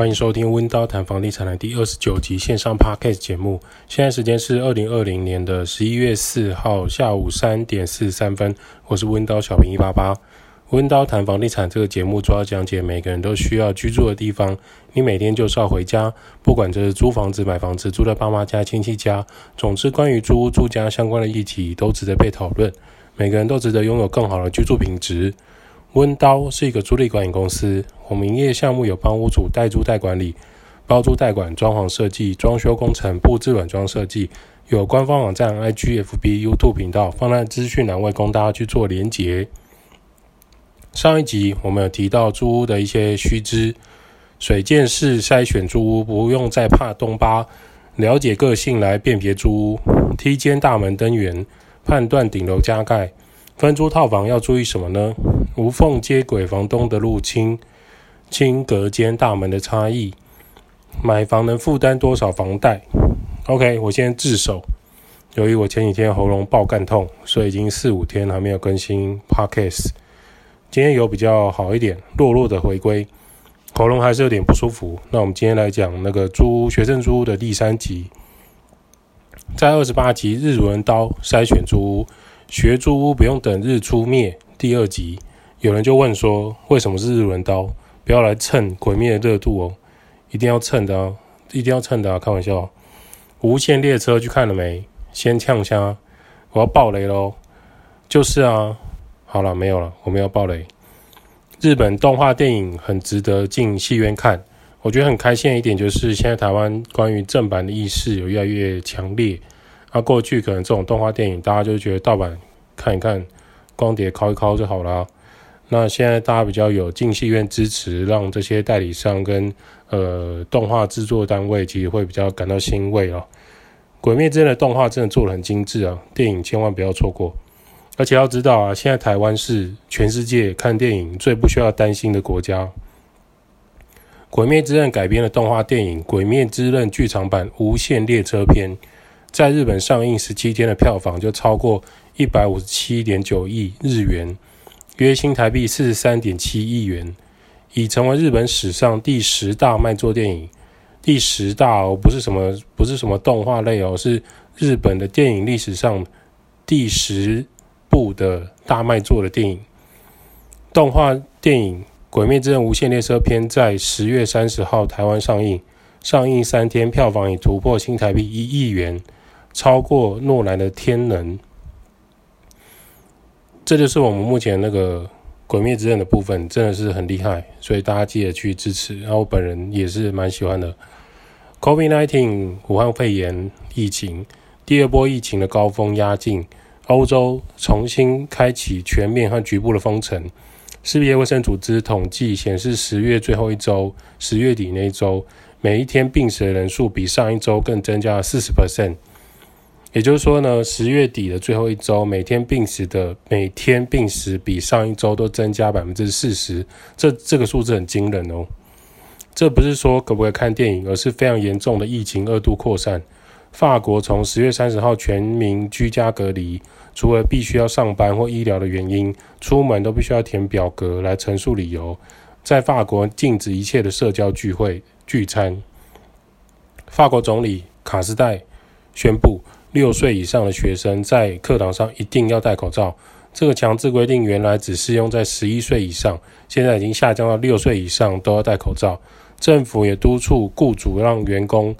歡迎收聽溫叨談房地產的第二十九集線上 podcast 節目。現在時間是二零二零年的十一月四號下午三點四十三分。我是溫叨小平一八八。溫叨談房地產這個節目主要講解每個人都需要居住的地方。你每天就是要回家，不管這是租房子、買房子、住在爸媽家、親戚家，總之關於租屋、住家相關的議題都值得被討論。每個人都值得擁有更好的居住品質。溫叨是一個租賃管理公司。我們營業項目有幫屋主代租代管理，包租代管、裝潢設計、裝修工程、佈置軟裝設計。有官方網站、IG、FB、YouTube 頻道，放在資訊欄位供大家去做連結。上一集我們有提到租屋的一些須知，水劍式篩選租屋，不用再怕東巴，了解個性來辨別租屋，梯間大門燈源，判斷頂樓加蓋，分租套房要注意什麼呢？無縫接軌房東的入侵。清隔間大門的差異，買房能負擔多少房貸？OK，我先自首。由於我前幾天喉嚨爆乾痛，所以已經四五天還沒有更新 Podcast。今天有比較好一點，弱弱的回歸。喉嚨還是有點不舒服。那我們今天來講那個租屋學生租屋的第三集，在二十八集日輪刀篩選租屋學租屋不用等日出滅第二集，有人就問說，為什麼是日輪刀？不要來蹭《鬼滅》的熱度哦，一定要蹭的啊，一定要蹭的啊！開玩笑、啊，《無限列車》去看了沒？先嗆下，我要爆雷嘍！就是啊，好了，沒有了，我們要爆雷。日本動畫電影很值得進戲院看，我覺得很開心一點就是現在台灣關於正版的意識有越來越強烈。那、啊、過去可能這種動畫電影大家就會覺得盜版看一看，光碟敲一敲就好了、啊。那現在大家比較有進戲院支持，讓這些代理商跟呃動畫製作單位，其實會比較感到欣慰哦。《鬼滅之刃》的動畫真的做得很精緻啊，電影千萬不要錯過。而且要知道啊，現在台灣是全世界看電影最不需要擔心的國家。《鬼滅之刃》改編的動畫電影《鬼滅之刃劇場版無限列車篇》在日本上映十七天的票房就超過一百五十七點九億日元。約新台幣四十三點七億元，已成為日本史上第十大賣座電影。第十大哦，不是什麼，不是什麼動畫類哦，是日本的電影歷史上第十部的大賣座的電影。動畫電影《鬼滅之刃：無限列車篇》在十月三十號台灣上映，上映三天票房已突破新台幣一億元，超過諾蘭的《天能》。這就是我們目前那個《鬼滅之刃》的部分，真的是很厲害，所以大家記得去支持。然後啊，我本人也是蠻喜歡的。COVID-19，武漢肺炎疫情第二波疫情的高峰壓境，歐洲重新開啟全面和局部的封城。世界衛生組織統計顯示，十月最後一週、十月底那一週，每一天病死的人數比上一週更增加了四十 percent。也就是說呢，十月底的最後一周，每天病死的每天病死比上一周都增加百分之四十，這這個數字很驚人哦。這不是說可不可以看電影，而是非常嚴重的疫情二度擴散。法國從十月三十號全民居家隔離，除了必須要上班或醫療的原因，出門都必須要填表格來陳述理由。在法國禁止一切的社交聚會聚餐。法國總理卡斯代宣布。六歲以上的學生在課堂上一定要戴口罩。這個強制規定原來只適用在十一歲以上，現在已經下降到六歲以上都要戴口罩。政府也督促雇主讓員工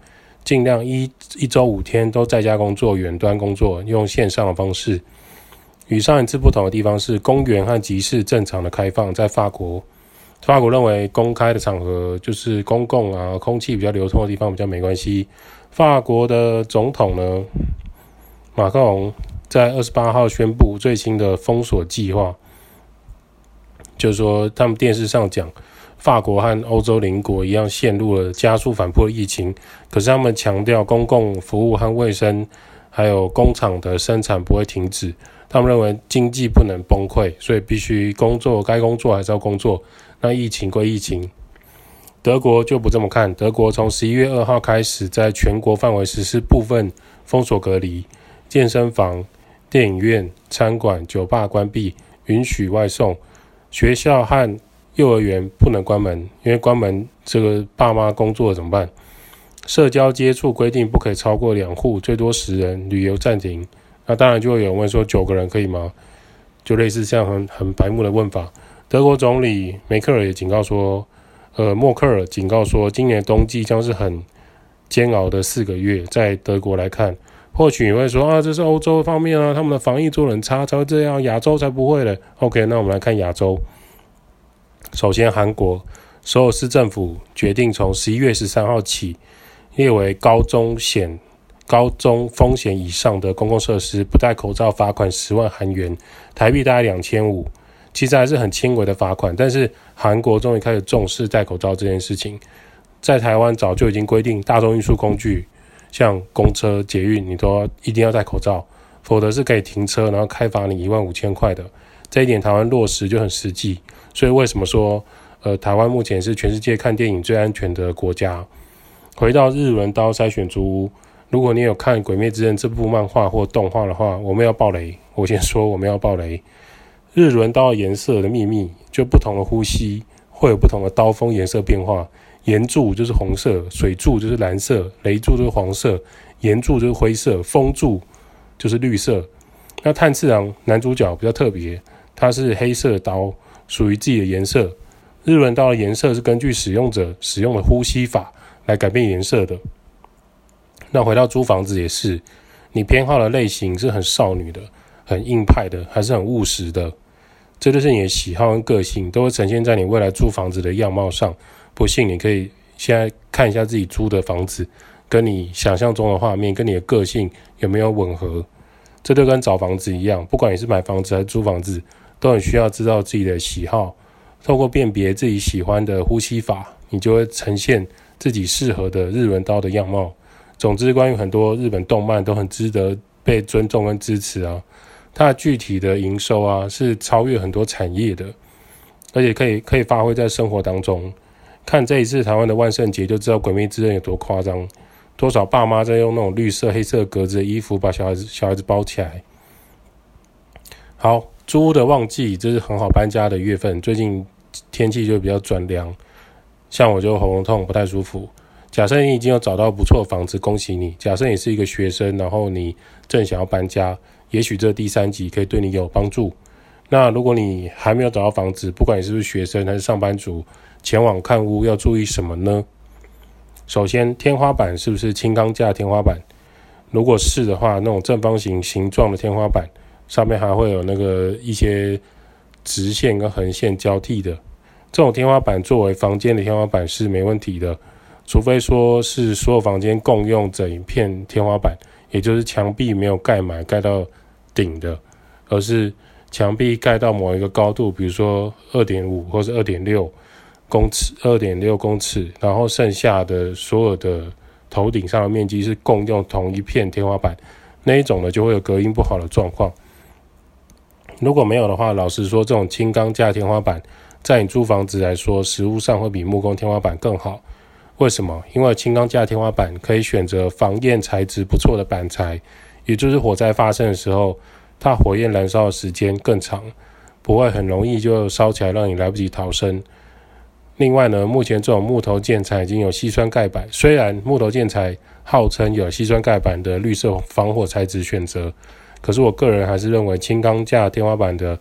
盡量一一周五天都在家工作、遠端工作，用線上的方式。與上一次不同的地方是，公園和集市正常的開放，在法國。法國認為公開的場合就是公共啊，空氣比較流通的地方比較沒關係。法國的總統呢，馬克龍在二十八號宣佈最新的封鎖計劃，就是說他們電視上講，法國和歐洲鄰國一樣陷入了加速反撲的疫情，可是他們強調公共服務和衛生，還有工廠的生產不會停止，他們認為經濟不能崩潰，所以必須工作，該工作還是要工作，那疫情歸疫情。德國就不這麼看。德國從十一月二號開始，在全國範圍實施部分封鎖隔離，健身房、電影院、餐館、酒吧關閉，允許外送，學校和幼兒園不能關門，因為關門這個爸媽工作怎麼辦？社交接觸規定不可以超過兩戶，最多十人。旅遊暫停。那當然就會有人問說，九個人可以嗎？就類似像很很白目的問法。德國總理梅克爾也警告說。呃，默克爾警告說，今年冬季將是很煎熬的四個月。在德國來看，或許你會說啊，這是歐洲方面啊，他們的防疫做得很差，才會這樣。亞洲才不會的。OK，那我們來看亞洲。首先，韓國所有市政府決定從十一月十三號起，列為高中險、高中風險以上的公共設施不戴口罩罰款十萬韓元，台幣大概兩千五，其實還是很輕微的罰款，但是。韓國終於開始重視戴口罩這件事情，在台灣早就已經規定大眾運輸工具，像公車、捷運，你都一定要戴口罩，否則是可以停車，然後開罰你一萬五千塊的。這一點台灣落實就很實際，所以為什麼說，呃，台灣目前是全世界看電影最安全的國家。回到日輪刀篩選租屋，如果你有看《鬼滅之刃》這部漫畫或動畫的話，我們要爆雷，我先說我們要爆雷。日輪刀的顏色的秘密，就不同的呼吸會有不同的刀鋒顏色變化。炎柱就是紅色，水柱就是藍色，雷柱就是黃色，岩柱就是灰色，風柱就是綠色。那炭治郎男主角比較特別，他是黑色的刀，屬於自己的顏色。日輪刀的顏色是根據使用者使用的呼吸法來改變顏色的。那回到租房子也是，你偏好的類型是很少女的。很硬派的，還是很務實的，這就是你的喜好跟個性，都會呈現在你未來租房子的樣貌上。不信，你可以現在看一下自己租的房子，跟你想象中的畫面跟你的個性有沒有吻合？這就跟找房子一樣，不管你是買房子還是租房子，都很需要知道自己的喜好。透過辨別自己喜歡的呼吸法，你就會呈現自己適合的日輪刀的樣貌。總之，關於很多日本動漫都很值得被尊重跟支持啊。它具體的營收啊，是超越很多產業的，而且可以可以發揮在生活當中。看這一次台灣的萬聖節，就知道《鬼滅之刃》有多誇張。多少爸媽在用那種綠色、黑色格子的衣服把小孩子小孩子包起來。好，租屋的旺季，這是很好搬家的月份。最近天氣就比較轉涼，像我就喉嚨痛，不太舒服。假設你已經有找到不錯的房子，恭喜你。假設你是一個學生，然後你正想要搬家。也許這第三集可以對你有幫助。那如果你還沒有找到房子，不管你是不是學生還是上班族，前往看屋要注意什麼呢？首先，天花板是不是輕鋼架的天花板？如果是的話，那種正方形形狀的天花板，上面還會有那個一些直線跟橫線交替的，這種天花板作為房間的天花板是沒問題的，除非說是所有房間共用整一片天花板。也就是牆壁沒有蓋滿蓋到頂的，而是牆壁蓋到某一個高度，比如說二點五或者是二點六公尺，二點六公尺，然後剩下的所有的頭頂上的面積是共用同一片天花板，那一種呢就會有隔音不好的狀況。如果沒有的話，老實說，這種輕鋼架天花板，在你租房子來說，實務上會比木工天花板更好。為什麼？因為輕鋼架天花板可以選擇防焰材質不錯的板材，也就是火災發生的時候，它火焰燃燒的時間更長，不會很容易就燒起來，讓你來不及逃生。另外呢，目前這種木頭建材已經有矽酸鈣板，雖然木頭建材號稱有矽酸鈣板的綠色防火材質選擇，可是我個人還是認為輕鋼架天花板的。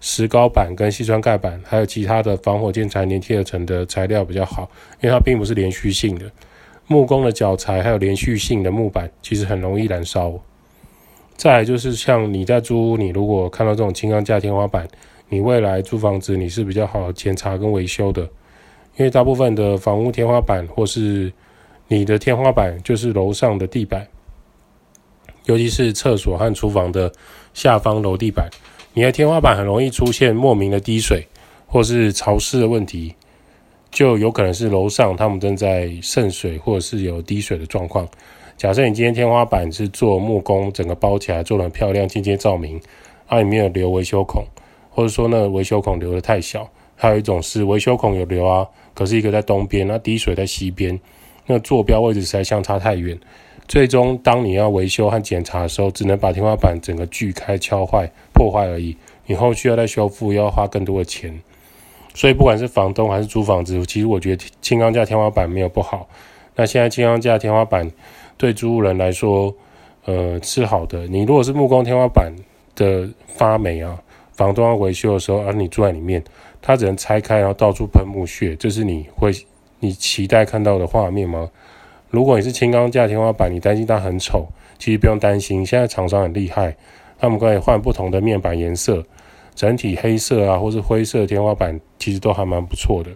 石膏板跟矽酸鈣板，還有其他的防火建材粘貼而成的材料比較好，因為它並不是連續性的。木工的腳材還有連續性的木板，其實很容易燃燒。再來就是像你在租屋，你如果看到這種輕鋼架天花板，你未來租房子你是比較好檢查跟維修的，因為大部分的房屋天花板或是你的天花板就是樓上的地板，尤其是廁所和廚房的下方樓地板。你的天花板很容易出現莫名的滴水，或是潮濕的問題，就有可能是樓上他們正在滲水，或者是有滴水的狀況。假設你今天天花板是做木工，整個包起來做得很漂亮，間接照明，啊也沒有留維修孔，或者說那個維修孔留得太小。還有一種是維修孔有留啊，可是一個在東邊，那滴水在西邊，那坐標位置實在相差太遠。最終，當你要維修和檢查的時候，只能把天花板整個鋸開、敲壞、破壞而已。你後續要再修復，又要花更多的錢。所以，不管是房東還是租房子，其實我覺得輕鋼架天花板沒有不好。那現在輕鋼架天花板對租屋人來說，呃，是好的。你如果是木工天花板的發霉啊，房東要維修的時候，而、啊、你住在裡面，它只能拆開，然後到處噴木屑，這是你會你期待看到的畫面嗎？如果你是輕鋼架天花板，你擔心它很醜，其實不用擔心。現在廠商很厲害，那我們可以換不同的面板顏色，整體黑色啊，或是灰色的天花板，其實都還蠻不錯的。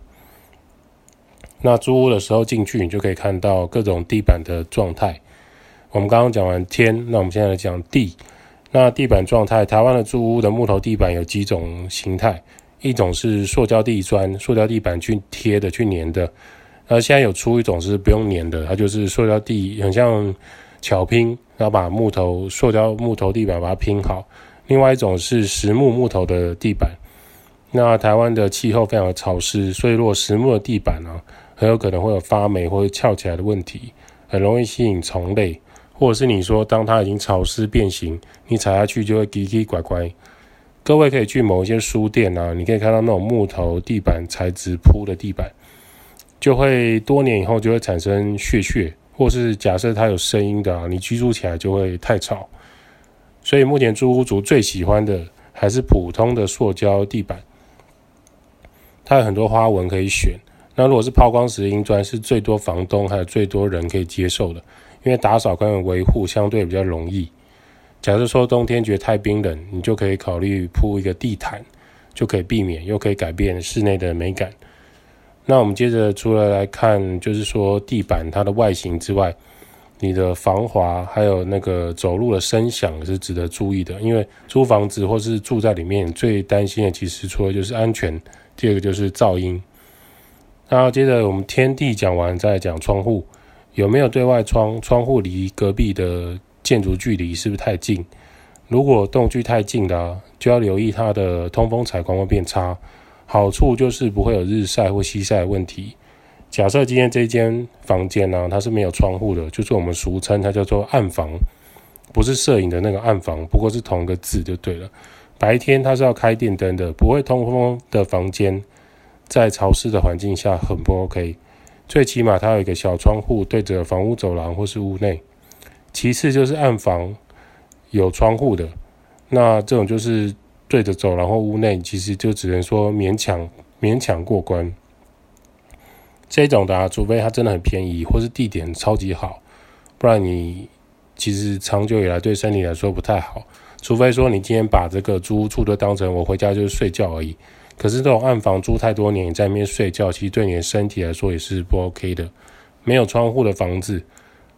那租屋的時候進去，你就可以看到各種地板的狀態。我們剛剛講完天，那我們現在來講地。那地板狀態，台灣的租屋的木頭地板有幾種形態？一種是塑膠地磚，塑膠地板去貼的，去黏的。而現在有出一種是不用粘的，它就是塑膠地，很像巧拼，然後把木頭塑膠木頭地板把它拼好。另外一種是實木木頭的地板。那台灣的氣候非常的潮濕，所以如果實木的地板啊，很有可能會有發霉或者翹起來的問題，很容易吸引蟲類，或者是你說當它已經潮濕變形，你踩下去就會奇奇怪怪。各位可以去某一些書店啊，你可以看到那種木頭地板材質鋪的地板。就會多年以後就會產生屑屑，或是假設它有聲音的、啊，你居住起來就會太吵。所以目前租屋族最喜歡的還是普通的塑膠地板，它有很多花紋可以選。那如果是拋光石英磚，是最多房東還有最多人可以接受的，因為打掃跟維護相對比較容易。假設說冬天覺得太冰冷，你就可以考慮鋪一個地毯，就可以避免又可以改變室內的美感。那我們接着除了來，來看，就是說地板它的外形之外，你的防滑還有那個走路的聲響是值得注意的，因為租房子或是住在裡面，最擔心的其實除了就是安全，第二個就是噪音。然後接着我們天地講完，再講窗戶有沒有對外窗，窗戶離隔壁的建築距離是不是太近？如果棟距太近的、啊，就要留意它的通風採光會變差。好處就是不會有日曬或西曬的問題。假設今天這間房間啊，它是沒有窗戶的，就是我們俗稱它叫做暗房，不是攝影的那個暗房，不過是同個字就對了。白天它是要開電燈的，不會通風的房間，在潮濕的環境下很不 OK。最起碼它有一個小窗戶對着房屋走廊或是屋內。其次就是暗房有窗戶的，那這種就是。睡着走，然後屋內其實就只能說勉強勉強過關。這種的啊，除非它真的很便宜，或是地點超級好，不然你其實長久以來對身體來說不太好。除非說你今天把這個租屋處都當成我回家就是睡覺而已。可是這種暗房租太多年，你在裡面睡覺，其實對你的身體來說也是不 OK 的。沒有窗戶的房子，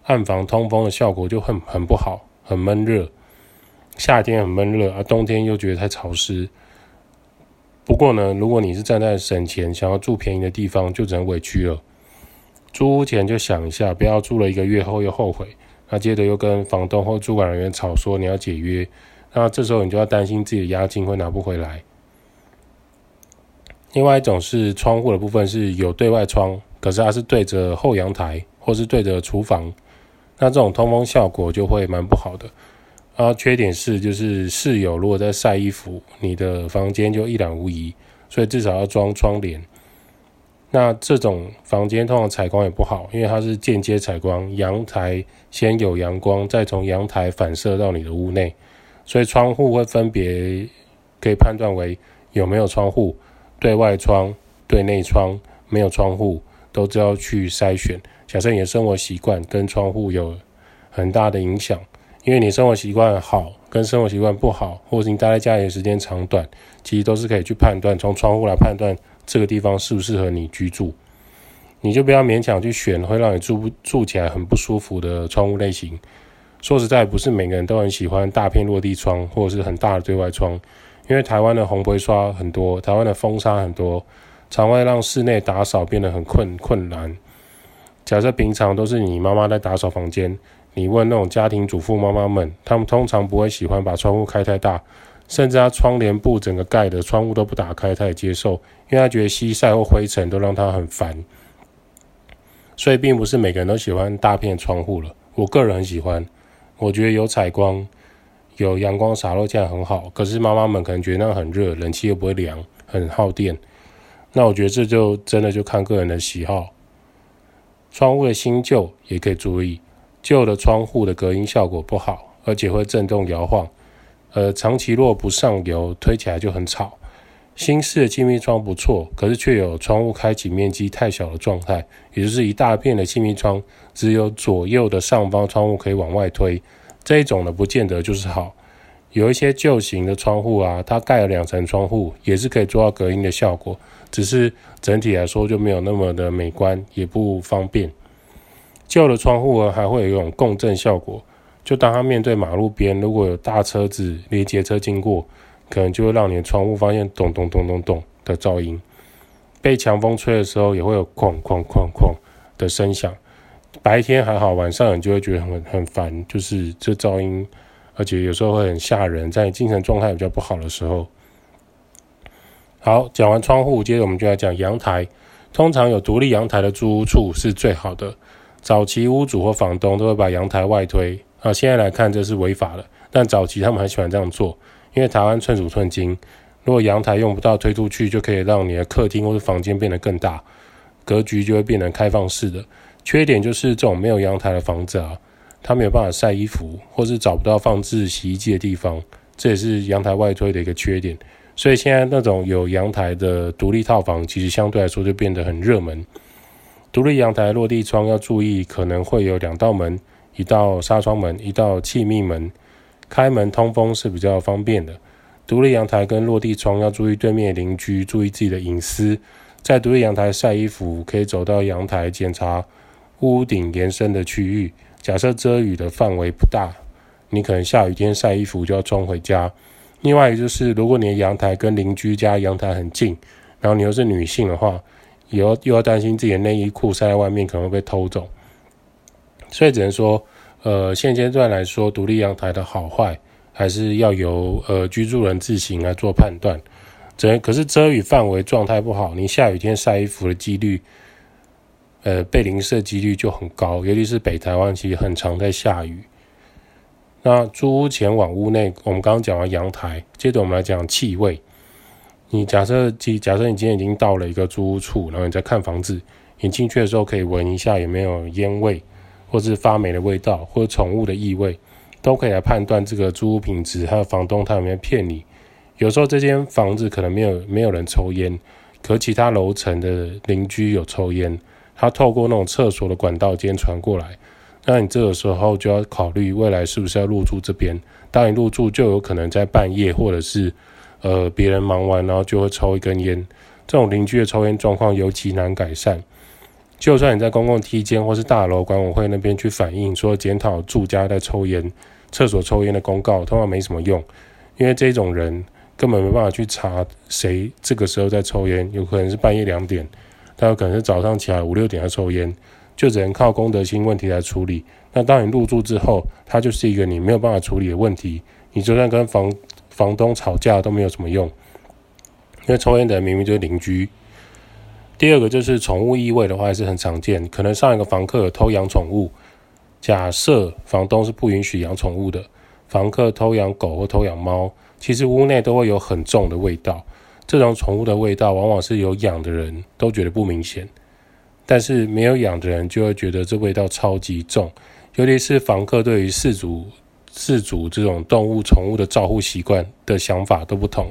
暗房通風的效果就很很不好，很悶熱。夏天很悶熱，而、啊、冬天又覺得太潮濕。不過呢，如果你是站在省錢、想要住便宜的地方，就只能委屈了。租屋前就想一下，不要住了一個月後又後悔。那接着又跟房東或租管人員吵，說你要解約。那這時候你就要擔心自己的押金會拿不回來。另外一種是窗戶的部分是有對外窗，可是它是對着後陽台或是對着廚房，那這種通風效果就會蠻不好的。然後、啊、缺點是，就是室友如果在曬衣服，你的房間就一覽無遺，所以至少要裝窗簾。那這種房間通常採光也不好，因為它是間接採光，陽台先有陽光，再從陽台反射到你的屋內，所以窗戶會分別可以判斷為有沒有窗戶、對外窗、對內窗、沒有窗戶，都要去篩選，假設你的生活習慣跟窗戶有很大的影響。因為你生活習慣好，跟生活習慣不好，或者是你待在家裡的時間長短，其實都是可以去判斷，從窗戶來判斷這個地方適不適合你居住。你就不要勉強去選會讓你住不住起來很不舒服的窗戶類型。說實在，不是每個人都很喜歡大片落地窗，或者是很大的對外窗，因為台灣的紅灰刷很多，台灣的風沙很多，常會讓室內打掃變得很困困難。假設平常都是你媽媽在打掃房間。你問那種家庭主婦媽媽們，她們通常不會喜歡把窗戶開太大，甚至她窗簾布整個蓋的窗戶都不打開，她也接受，因為她覺得西曬或灰塵都讓她很煩。所以，並不是每個人都喜歡大片窗戶了。我個人很喜歡，我覺得有採光、有陽光灑落下來很好。可是媽媽們可能覺得那很熱，冷氣又不會涼，很耗電。那我覺得這就真的就看個人的喜好，窗戶的新舊也可以注意。舊的窗戶的隔音效果不好，而且會震動搖晃。呃，長期若不上油，推起來就很吵。新式的氣密窗不錯，可是卻有窗戶開啟面積太小的狀態，也就是一大片的氣密窗，只有左右的上方窗戶可以往外推。這一種呢，不見得就是好。有一些舊型的窗戶啊，它蓋了兩層窗戶，也是可以做到隔音的效果，只是整體來說就沒有那麼的美觀，也不方便。舊的窗戶還會有一種共振效果，就當它面對馬路邊，如果有大車子、連接車經過，可能就會讓你的窗戶發現咚咚咚咚咚咚的噪音。被強風吹的時候，也會有哐哐哐哐的聲響。白天還好，晚上你就會覺得很很煩，就是這噪音，而且有時候會很嚇人。在你精神狀態比較不好的時候。好，講完窗戶，接着我們就來講陽台。通常有獨立陽台的租屋處是最好的。早期屋主或房東都會把陽台外推啊，現在來看這是違法的。但早期他們很喜歡這樣做，因為台灣寸土寸金，如果陽台用不到，推出去就可以讓你的客廳或是房間變得更大，格局就會變得開放式的。缺點就是這種沒有陽台的房子啊，它沒有辦法曬衣服，或是找不到放置洗衣機的地方，這也是陽台外推的一個缺點。所以現在那種有陽台的獨立套房，其實相對來說就變得很熱門。獨立陽台落地窗要注意，可能會有兩道門，一道紗窗門，一道氣密門。開門通風是比較方便的。獨立陽台跟落地窗要注意對面鄰居，注意自己的隱私。在獨立陽台曬衣服，可以走到陽台檢查屋頂延伸的區域。假設遮雨的範圍不大，你可能下雨天曬衣服就要衝回家。另外，一個就是如果你的陽台跟鄰居家陽台很近，然後你又是女性的話。也要又要擔心自己的內衣褲曬在外面可能會被偷走，所以只能說，呃，現階段來說，獨立陽台的好壞還是要由，呃，居住人自行來做判斷。遮可是遮雨範圍狀態不好，你下雨天曬衣服的幾率，呃，被淋濕幾率就很高，尤其是北台灣其實很常在下雨。那租屋前往屋內，我們剛剛講完陽台，接着我們來講氣味。你假設今假設你今天已經到了一個租屋處，然後你在看房子，你進去的時候可以聞一下有沒有煙味，或是發霉的味道，或者寵物的異味，都可以來判斷這個租屋品質，還有房東他有沒有騙你。有時候這間房子可能沒有沒有人抽煙，可其他樓層的鄰居有抽煙，他透過那種廁所的管道間傳過來，那你這個時候就要考慮未來是不是要入住這邊。當你入住，就有可能在半夜或者是。呃，別人忙完，然後就會抽一根煙。這種鄰居的抽煙狀況尤其難改善。就算你在公共梯間或是大樓管委會那邊去反映，說檢討住家在抽煙、廁所抽煙的公告，通常沒什麼用，因為這種人根本沒辦法去查誰這個時候在抽煙。有可能是半夜兩點，但有可能是早上起來五六點在抽煙，就只能靠公德心問題來處理。那當你入住之後，他就是一個你沒有辦法處理的問題。你就算跟房房東吵架都沒有什麼用，因為抽煙的人明明就是鄰居。第二個就是寵物異味的話，也是很常見，可能上一個房客有偷養寵物。假設房東是不允許養寵物的，房客偷養狗或偷養貓，其實屋內都會有很重的味道。這種寵物的味道，往往是有養的人都覺得不明顯，但是沒有養的人就會覺得這味道超級重，尤其是房客對於飼主飼主這種動物寵物的照護習慣的想法都不同，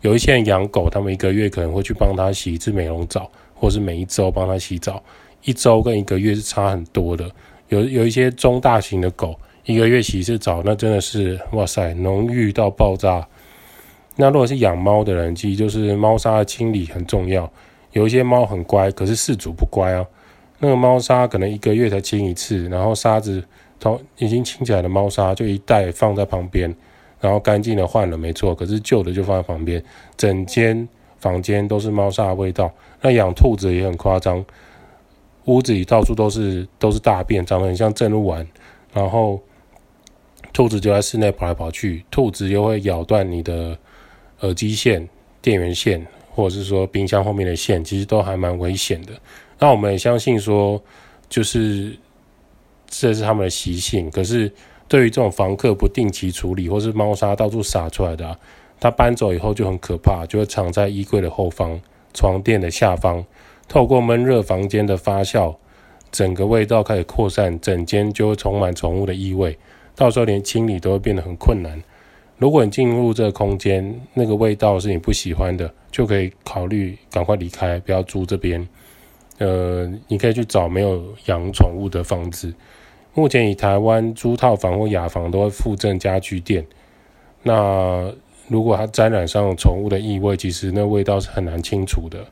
有一些人養狗，他們一個月可能會去幫他洗一次美容澡，或是每一周幫他洗澡，一周跟一個月是差很多的。有有一些中大型的狗，一個月洗一次澡，那真的是哇塞，濃郁到爆炸。那如果是養貓的人，其實就是貓砂的清理很重要。有一些貓很乖，可是飼主不乖啊，那個貓砂可能一個月才清一次，然後沙子，從已經清起來的貓砂就一袋放在旁邊，然後乾淨的換了，沒錯。可是舊的就放在旁邊，整間房間都是貓砂的味道。那養兔子也很誇張，屋子裡到處都是都是大便，長得很像正露丸。然後兔子就在室內跑來跑去，兔子又會咬斷你的耳機線、電源線，或者是說冰箱後面的線，其實都還蠻危險的。那我們也相信說，就是。這是他們的習性，可是對於這種房客不定期處理或是貓砂到處撒出來的、啊，他搬走以後就很可怕，就會藏在衣櫃的後方、床墊的下方，透過悶熱房間的發酵，整個味道開始擴散，整間就會充滿寵物的異味。到時候連清理都會變得很困難。如果你進入這個空間，那個味道是你不喜歡的，就可以考慮趕快離開，不要租這邊。呃，你可以去找沒有養寵物的房子。目前以台灣租套房或雅房都會附贈家具電。那如果它沾染上寵物的異味，其實那味道是很難清除的。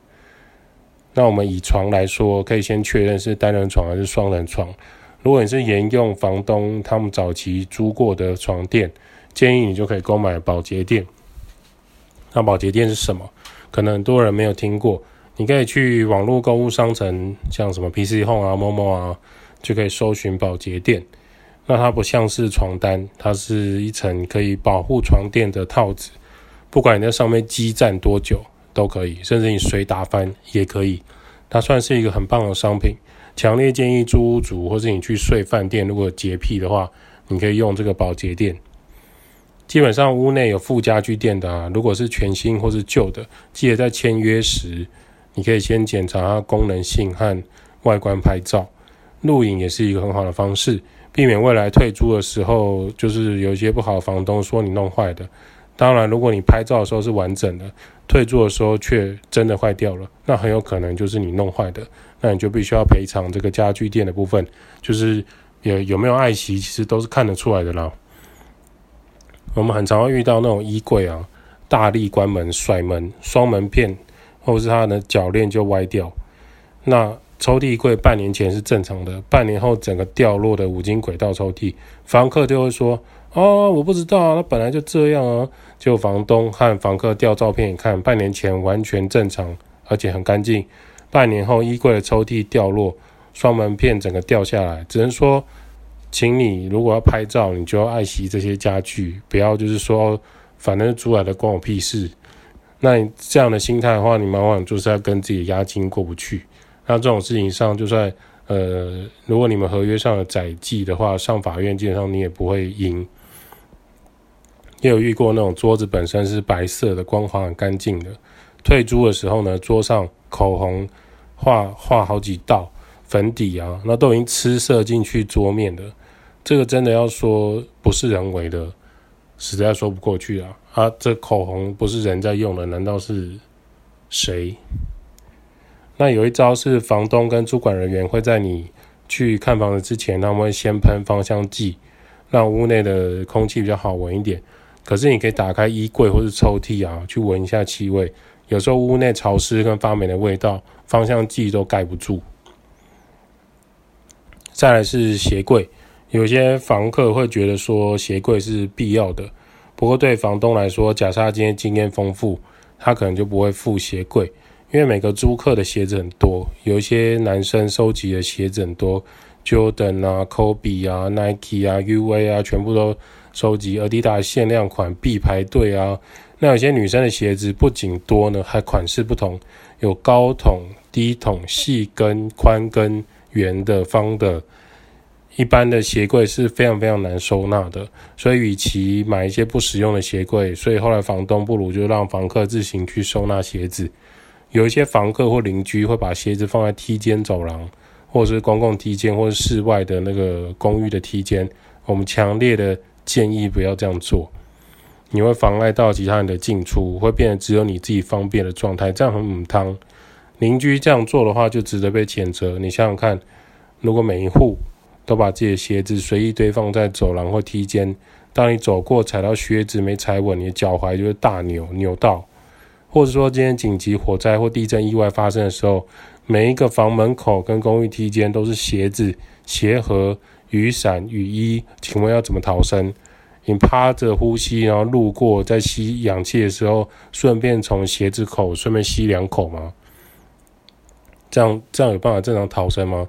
那我們以床來說，可以先確認是單人床還是雙人床。如果你是沿用房東他們早期租過的床墊，建議你就可以購買保潔墊。那保潔墊是什麼？可能很多人沒有聽過，你可以去網絡購物商城，像什麼 PC Home 啊、Momo 啊。就可以搜尋保潔墊，那它不像是床單，它是一層可以保護床墊的套子，不管你在上面激戰多久都可以，甚至你水打翻也可以，它算是一個很棒的商品，強烈建議租屋主或是你去睡飯店，如果潔癖的話，你可以用這個保潔墊。基本上屋內有附家具電的啊，如果是全新或是舊的，記得在簽約時，你可以先檢查它功能性和外觀拍照。錄影也是一個很好的方式，避免未來退租的時候，就是有一些不好的房東說你弄壞的。當然，如果你拍照的時候是完整的，退租的時候卻真的壞掉了，那很有可能就是你弄壞的，那你就必須要賠償這個家具店的部分。就是有有沒有愛惜，其實都是看得出來的啦。我們很常會遇到那種衣櫃啊，大力關門、甩門、雙門片，或是它的鉸鏈就歪掉，那，抽屜櫃半年前是正常的，半年後整個掉落的五金軌道抽屜，房客就會說：“啊、哦，我不知道啊，那本來就這樣啊。”就房東和房客調照片也看，半年前完全正常，而且很乾淨。半年後衣櫃的抽屜掉落，雙門片整個掉下來，只能說，請你如果要拍照，你就要愛惜這些家具，不要就是說反正租來的關我屁事。那你這樣的心態的話，你往往就是要跟自己的押金過不去。那這種事情上，就算呃，如果你們合約上有載記的話，上法院基本上你也不會贏。也有遇過那種桌子本身是白色的、光滑很乾淨的，退租的時候呢，桌上口紅畫畫好幾道，粉底啊，那都已經吃色進去桌面的，這個真的要說不是人為的，實在說不過去啊！啊，這口紅不是人在用的，難道是誰？那有一招是房東跟主管人員會在你去看房子之前，他們會先噴芳香劑，讓屋內的空氣比較好聞一點。可是你可以打開衣櫃或是抽屜啊，去聞一下氣味。有時候屋內潮濕跟發霉的味道，芳香劑都蓋不住。再來是鞋櫃，有些房客會覺得說鞋櫃是必要的，不過對房東來說，假設他今天經驗豐富，他可能就不會附鞋櫃。因為每個租客的鞋子很多，有一些男生收集的鞋子很多，Jordan 啊、Kobe 啊、Nike 啊、UA 啊，全部都收集，Adidas 限量款必排隊啊。那有些女生的鞋子不僅多呢，還款式不同，有高筒、低筒、細跟、寬跟、圓的、方的。一般的鞋櫃是非常非常難收納的，所以與其買一些不實用的鞋櫃，所以後來房東不如就讓房客自行去收納鞋子。有一些房客或鄰居會把鞋子放在梯間走廊，或者是公共梯間，或者室外的那個公寓的梯間。我們強烈的建議不要這樣做，你會妨礙到其他人的進出，會變得只有你自己方便的狀態，這樣很母湯。鄰居這樣做的話，就值得被譴責。你想想看，如果每一戶都把自己的鞋子隨意堆放在走廊或梯間，當你走過踩到靴子沒踩穩，你的腳踝就會大扭，扭到。或者說今天緊急火災或地震意外發生的時候，每一個房門口跟公寓梯間都是鞋子、鞋盒、雨傘、雨衣，請問要怎麼逃生？你趴着呼吸，然後路過在吸氧氣的時候，順便從鞋子口順便吸兩口嗎？這樣這樣有辦法正常逃生嗎？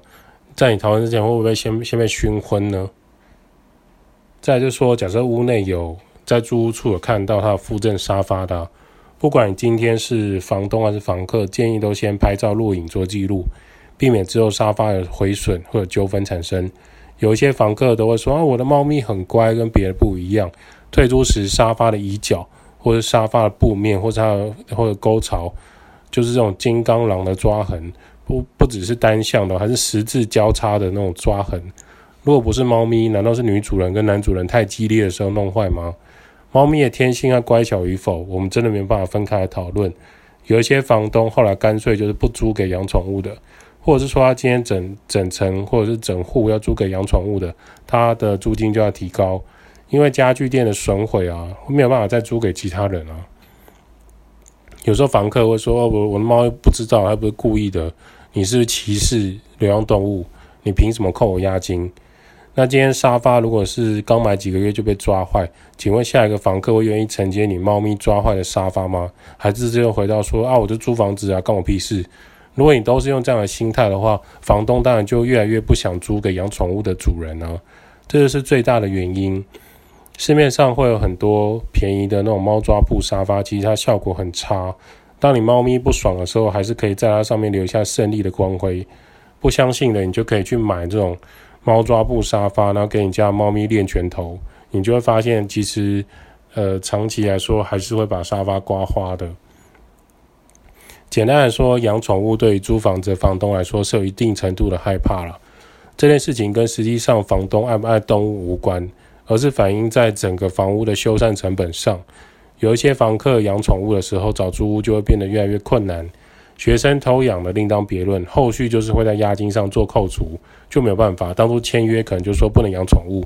在你逃生之前，會不會先先被燻昏呢？再就是說，假設屋內有在住屋處有看到他的附贈沙發的。不管今天是房東還是房客，建議都先拍照錄影做記錄，避免之後沙發有毀損或者糾紛產生。有一些房客都會說，啊，我的貓咪很乖，跟別人不一樣。退出時沙發的椅角，或者沙發的布面，或者它，或者溝槽，就是這種金剛狼的抓痕，不不，只是單向的，還是十字交叉的那種抓痕。如果不是貓咪，難道是女主人跟男主人太激烈的時候弄壞嗎？貓咪的天性和乖巧與否，我們真的沒有辦法分開來討論。有一些房東後來乾脆就是不租給養寵物的，或者是說他今天整整層或者是整戶要租給養寵物的，他的租金就要提高，因為家具店的損毀啊，沒有辦法再租給其他人啊。有時候房客會說：“我，哦，我的貓又不知道，它不是故意的，你是不是歧視流浪動物？你憑什麼扣我押金？”那今天沙發如果是剛買幾個月就被抓壞，請問下一個房客會願意承接你貓咪抓壞的沙發嗎？還是直接回到說啊，我就租房子啊，關我屁事。如果你都是用這樣的心態的話，房東當然就越來越不想租給養寵物的主人了啊，這就是最大的原因。市面上會有很多便宜的那種貓抓布沙發，其實它效果很差。當你貓咪不爽的時候，還是可以在它上面留下勝利的光輝。不相信的，你就可以去買這種。貓抓布沙發，然後給你家貓咪練拳頭，你就會發現，其實，呃，長期來說還是會把沙發刮花的。簡單來說，養寵物對於租房子的房東來說是有一定程度的害怕了。這件事情跟實際上房東愛不愛動物無關，而是反映在整個房屋的修繕成本上。有一些房客養寵物的時候，找租屋就會變得越來越困難。學生偷養的另當別論，後續就是會在押金上做扣除，就沒有辦法。當初簽約可能就說不能養寵物，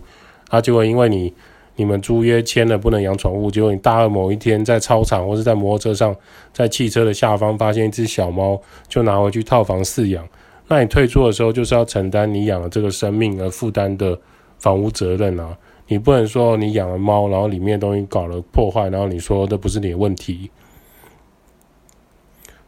啊，就會因為你你們租約簽了不能養寵物，結果你大二某一天在操場或是在摩托車上，在汽車的下方發現一隻小貓，就拿回去套房飼養。那你退出的時候就是要承擔你養了這個生命而負擔的房屋責任啊！你不能說你養了貓，然後裡面東西搞了破壞，然後你說這不是你的問題。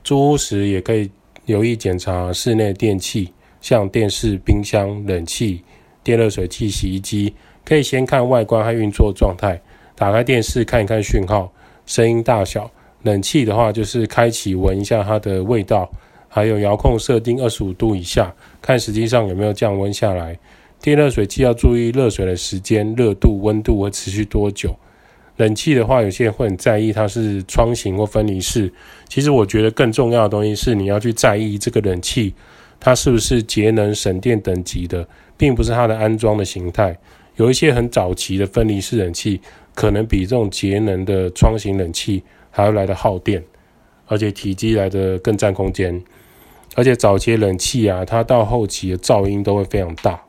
租屋時也可以留意檢查室內電器，像電視、冰箱、冷氣、電熱水器、洗衣機，可以先看外觀和運作狀態。打開電視看一看訊號、聲音大小。冷氣的話就是開啟聞一下它的味道，還有遙控設定二十五度以下，看實際上有沒有降溫下來。電熱水器要注意熱水的時間、熱度、溫度和持續多久。冷氣的話，有些人會很在意它是窗型、或分離式。其實我覺得更重要的東西是，你要去在意這個冷氣它是不是節能省電等級的，並不是它的安裝的形態。有一些很早期的分離式冷氣，可能比這種節能的窗型冷氣還要來得耗電，而且體積來得更占空間。而且早期冷氣啊，它到後期的噪音都會非常大。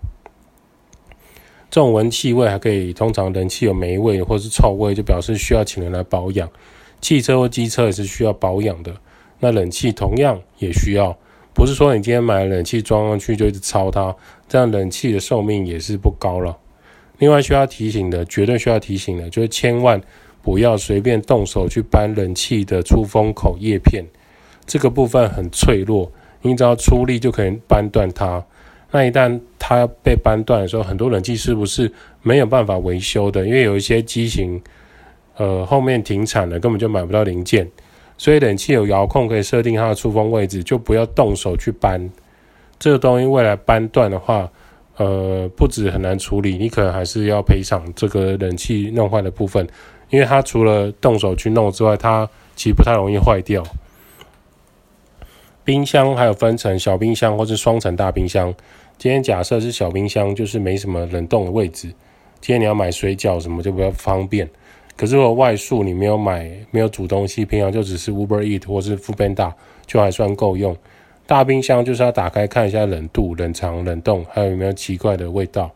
這種聞氣味，還可以，通常冷氣有霉味或是臭味，就表示需要請人來保養。汽車或機車也是需要保養的，那冷氣同樣也需要。不是說你今天買了冷氣裝上去就一直操它，這樣冷氣的壽命也是不高了。另外需要提醒的，絕對需要提醒的，就是千萬不要隨便動手去搬冷氣的出風口葉片，這個部分很脆弱，你只要出力就可以搬斷它。那一旦它被扳斷的時候，很多冷氣是不是沒有辦法維修的？因為有一些機型，呃，後面停產了，根本就買不到零件。所以冷氣有遙控可以設定它的出風位置，就不要動手去扳。這個東西，未來扳斷的話，呃，不止很難處理，你可能還是要賠償這個冷氣弄壞的部分，因為它除了動手去弄之外，它其實不太容易壞掉。冰箱還有分成小冰箱或是雙層大冰箱。今天假設是小冰箱，就是沒什麼冷凍的位置。今天你要買水餃什麼就比較方便。可是如果外宿你沒有買，沒有煮東西，平常就只是 Uber Eat 或是 Foodpanda 就還算夠用。大冰箱就是要打開看一下冷度、冷藏、冷凍，還有有沒有奇怪的味道。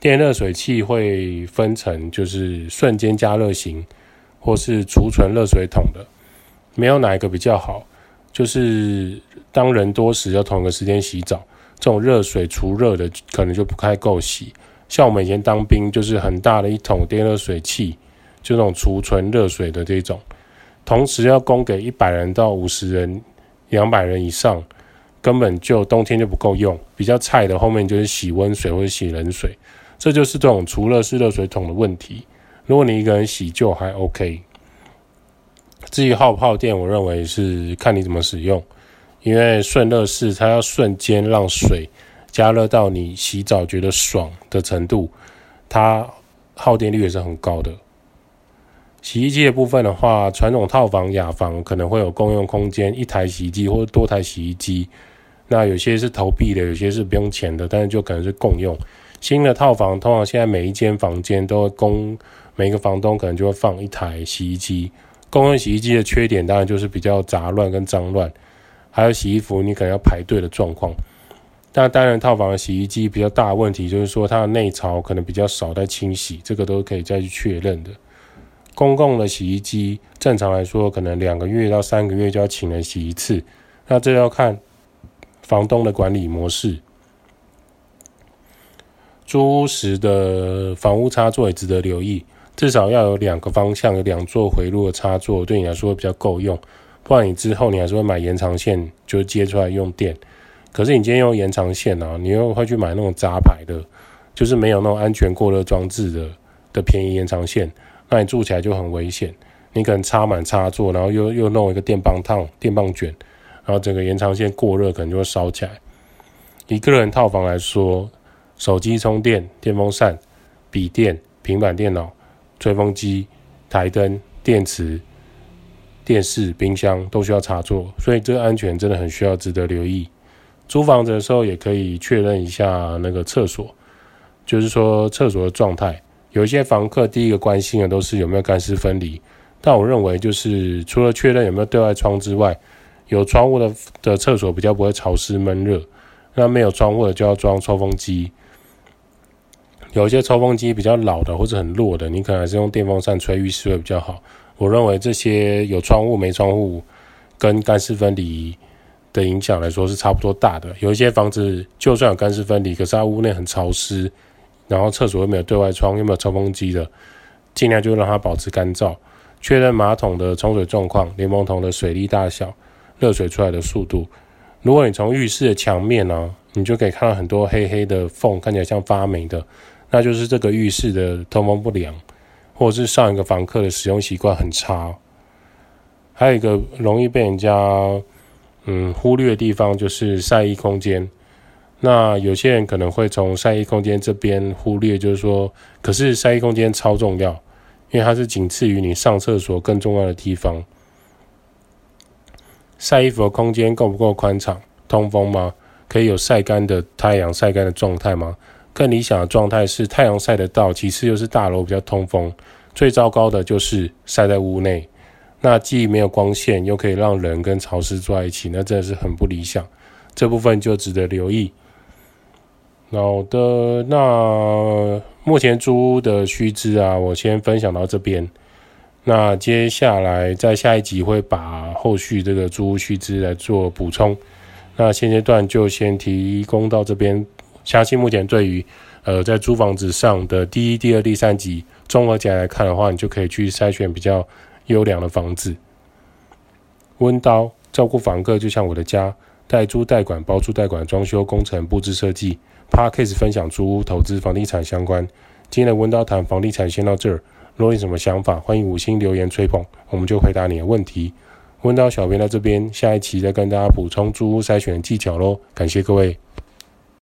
電熱水器會分成，就是瞬間加熱型或是儲存熱水桶的，沒有哪一個比較好。就是當人多時，要同一個時間洗澡，這種熱水儲熱的可能就不太夠洗。像我們以前當兵，就是很大的一桶電熱水器，就這種儲存熱水的這種，同時要供給一百人到五十人、兩百人以上，根本就冬天就不夠用。比較菜的後面就是洗溫水或者洗冷水，這就是這種儲熱式熱水桶的問題。如果你一個人洗就還 OK。至於耗不耗電，我認為是看你怎麼使用，因為瞬熱式它要瞬間讓水加熱到你洗澡覺得爽的程度，它耗電率也是很高的。洗衣機的部分的話，傳統套房、雅房可能會有共用空間，一台洗衣機或者多台洗衣機，那有些是投幣的，有些是不用錢的，但是就可能是共用。新的套房通常現在每一間房間都會供每個房東可能就會放一台洗衣機。公用洗衣機的缺點當然就是比較雜亂跟髒亂，還有洗衣服你可能要排隊的狀況。但單人套房的洗衣機比較大問題，就是說它的內槽可能比較少在清洗，這個都可以再去確認的。公共的洗衣機正常來說，可能兩個月到三個月就要請人洗一次，那這要看房東的管理模式。租屋時的房屋插座也值得留意。至少要有兩個方向，有兩座回路的插座，對你來說會比較夠用。不然你之後你還是會買延長線，就接出來用電。可是你今天用延長線啊，你又會去買那種雜牌的，就是沒有那種安全過熱裝置的的便宜延長線，那你住起來就很危險。你可能插滿插座，然後又又弄一個電棒燙、電棒捲，然後整個延長線過熱可能就會燒起來。以個人套房來說，手機充電、電風扇、筆電、平板電腦。吹風機、檯燈、電池、電視、冰箱，都需要插座，所以這個安全真的很需要值得留意。租房子的時候也可以確認一下那個廁所，就是說廁所的狀態。有一些房客第一個關心的都是有沒有乾濕分離，但我認為就是除了確認有沒有對外窗之外，有窗戶的的廁所比較不會潮濕悶熱，那沒有窗戶的就要裝抽風機。有一些抽風機比較老的或者很弱的，你可能還是用電風扇吹浴室會比較好。我認為這些有窗戶沒窗戶跟乾濕分離的影響來說是差不多大的。有一些房子就算有乾濕分離，可是它屋內很潮濕，然後廁所又沒有對外窗又沒有抽風機的，儘量就讓它保持乾燥。確認馬桶的沖水狀況、蓮蓬頭的水力大小、熱水出來的速度。如果你從浴室的牆面呢、啊，你就可以看到很多黑黑的縫，看起來像發霉的。那就是這個浴室的通風不良，或者是上一個房客的使用習慣很差。還有一個容易被人家嗯忽略的地方，就是曬衣空間。那有些人可能會從曬衣空間這邊忽略，就是說，可是曬衣空間超重要，因為它是僅次於你上廁所更重要的地方。曬衣服的空間夠不夠寬敞？通風嗎？可以有曬乾的，太陽曬乾的狀態嗎？更理想的狀態是太陽曬得到，其次又是大樓比較通風，最糟糕的就是曬在屋內。那既沒有光線，又可以讓人跟潮濕住在一起，那真的是很不理想。這部分就值得留意。好的，那目前租屋的須知啊，我先分享到這邊。那接下來在下一集會把後續這個租屋須知來做補充。那現階段就先提供到這邊。相信目前對於，呃，在租房子上的第一、第二、第三集綜合起來來看的話，你就可以去篩選比較優良的房子。溫叨照顧房客就像我的家，代租代管、包租代管、裝修工程、布置設計。Podcast 分享租屋投資房地產相關。今天的溫叨談房地產先到這兒，如果有什麼想法，歡迎五星留言吹捧，我們就回答你的問題。溫叨小編在這邊，下一期再跟大家補充租屋篩選的技巧嘍。感謝各位。